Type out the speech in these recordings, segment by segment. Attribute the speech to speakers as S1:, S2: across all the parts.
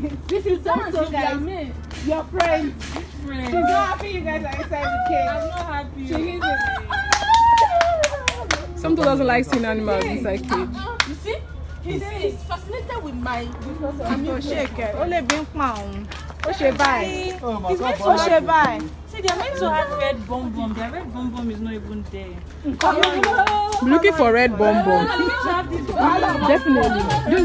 S1: this is something, so guys. your friends. friends. She's not happy you guys are inside the cage. I'm not happy. She is it. Something doesn't like seeing animals inside cage. You see? He's, he's fascinated with my because of your shaker. Only being found.
S2: What's your buy. Oh, she buy.
S1: See, they're meant to have red bomb bomb. Their red bomb bomb is not even there. I'm looking for red bomb bomb. Definitely.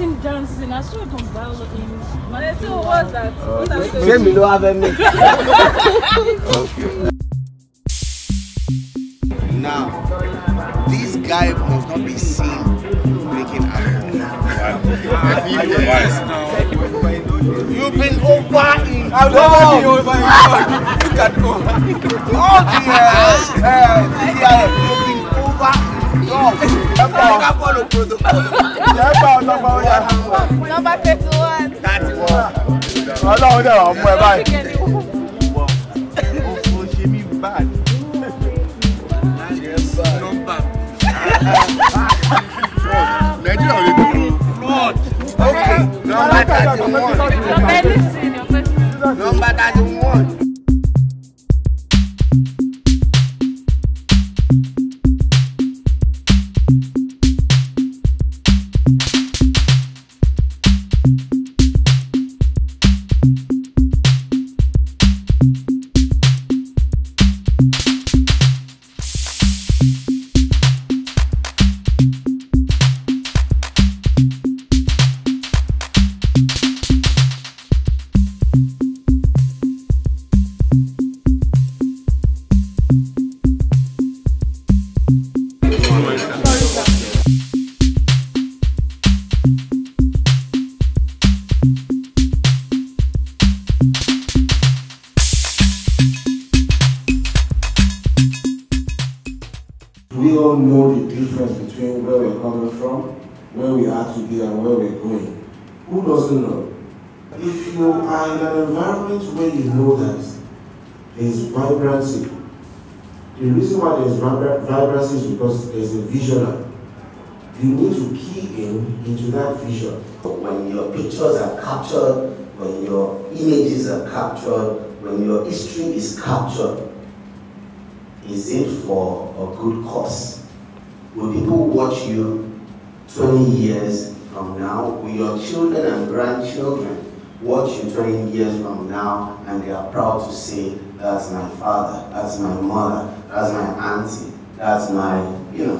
S1: dancing, dancing. I saw it on Bible in so what's that? Okay. Let me know have Okay. Now, this guy must not be seen drinking alcohol.
S2: You've been over
S1: in Look at over. Oh dear. Uh, yeah, you've been over in Number fọ́ọ̀lù thirty one. all know the difference between where we're coming from, where we are today, and where we're going. Who doesn't know? If you are in an environment where you know that there's vibrancy, the reason why there's vibrancy is because there's a visioner. You need to key in into that vision. When your pictures are captured, when your images are captured, when your history is captured, is it for a good cause? When people watch you 20 years from now, when your children and grandchildren watch you 20 years from now, and they are proud to say, that's my father, that's my mother, that's my auntie, that's my, you know.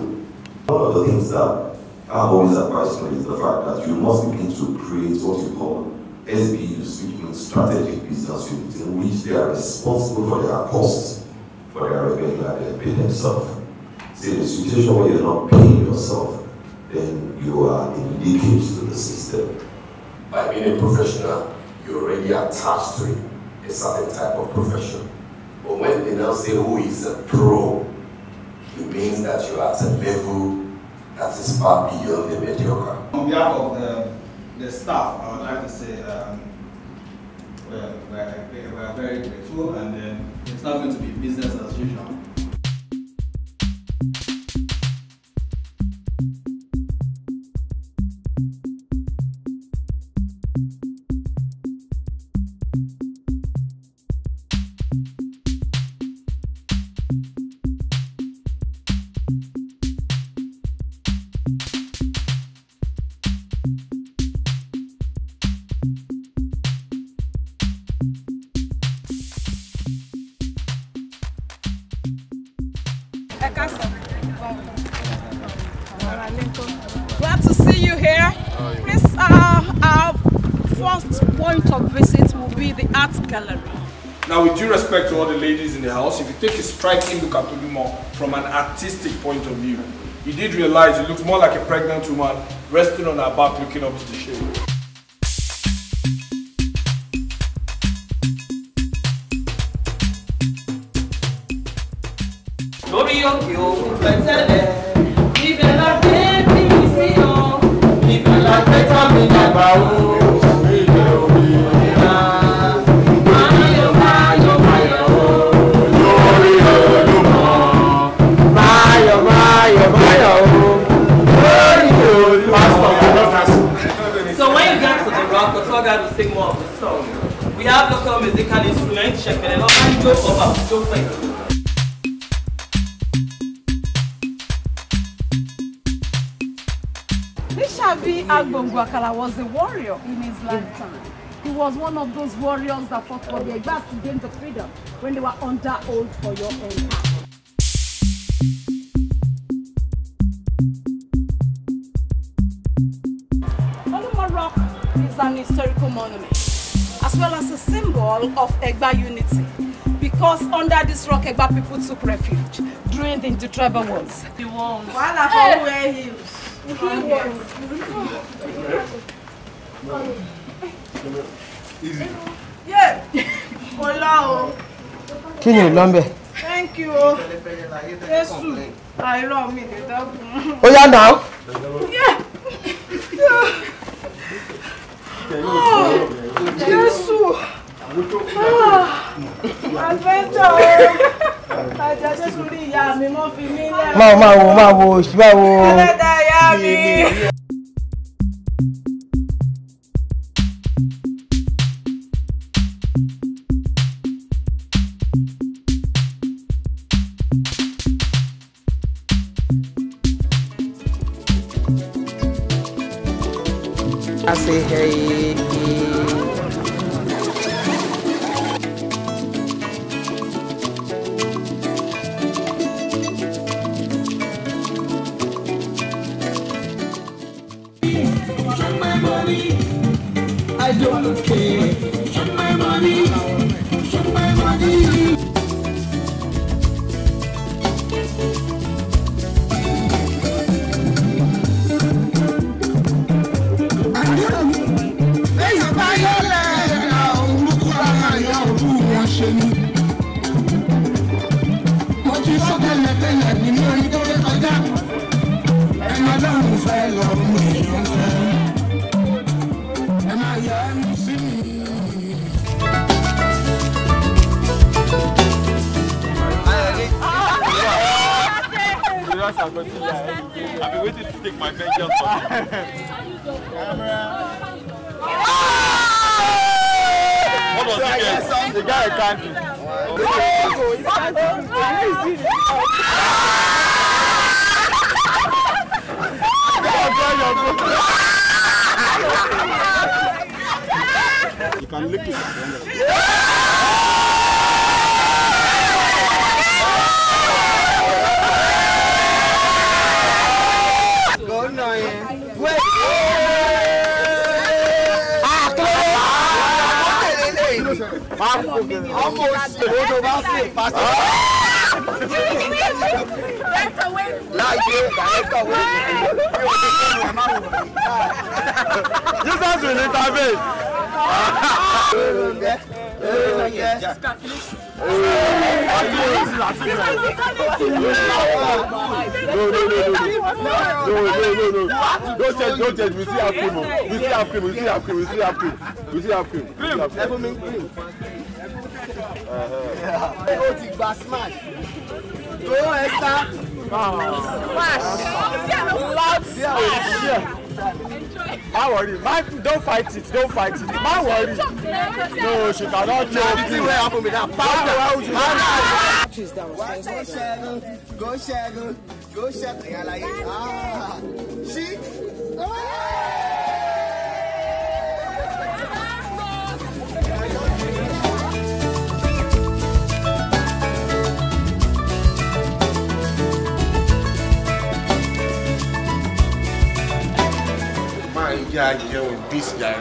S1: One of the things that I've always advised me is the fact that you must begin to create what you call SBU strategic business units, in which they are responsible for their costs, for their revenue, and they pay themselves. In a situation where you're not paying yourself, then you are in leakage to the system. By being a professional, you're already attached to a certain type of profession. But when they now say who is a pro, it means that you are at a level that is far beyond the mediocre. On behalf of the, the staff, I would like to say um, we're, we're, we're very grateful and it's not going to be business as usual. Glad to see you here. Please, uh, our first point of visit will be the art gallery. Now, with due respect to all the ladies in the house, if you take a striking look at Tolumo from an artistic point of view, you did realize you looks more like a pregnant woman resting on her back looking up to the shade. òkè òkun pẹ̀tẹ́lẹ̀ ibẹ̀ la gbé bí mi sí o ibẹ̀ la gbé We have local musical instruments, Nishabi Agbongu Akala was a warrior in his lifetime. He was one of those warriors that fought for the Egbas to gain the freedom when they were under old for your empire. Oluma Rock is an historical monument as well as a symbol of Egba unity because under this rock Egba people took refuge during the intertribal wars. The walls. Wàhálà fọwọ́ ẹ̀ hills kí ni ìlọ́mbẹ̀. thank you o jésù àìrọ̀ mi lè dákun. ó yá náà. jésù ah, adventure o ajá jésù rí ìyá mi mọ́ fi mí lẹ́rù. máa wo máa wo máa wo. Abby. I say hey. I my money, take my money. mo ti sọ tẹ́lẹ̀ tẹ́lẹ̀ nínú ẹni tó lè kọjá ẹni Ọlọ́run fẹ́ I've been waiting to take my vengeance from you. Camera. What was so um, The guy can't. Oh, can't. can't. You can lick it at the end of the day. ọmọ òsì odò bá sì pàṣẹ. láàyè dàrẹ́tọ̀ wẹ́ẹ̀lì ní Jesus will intervene. Don't change, don't change. We still cream. We still cream. We still cream. We still cream. We still have cream. Cream. Cream. O ti gba smash. Tó ẹ Smash. Loud smash. Enjoy. My worry. My don't fight it. Don't fight it. My worry. No, she cannot choke. Nothing will happen with that power. Matches that was not Go Shagun. Go Shagun. Go Shagun. Ah. She. Oh. jẹ́ àjẹun this guy.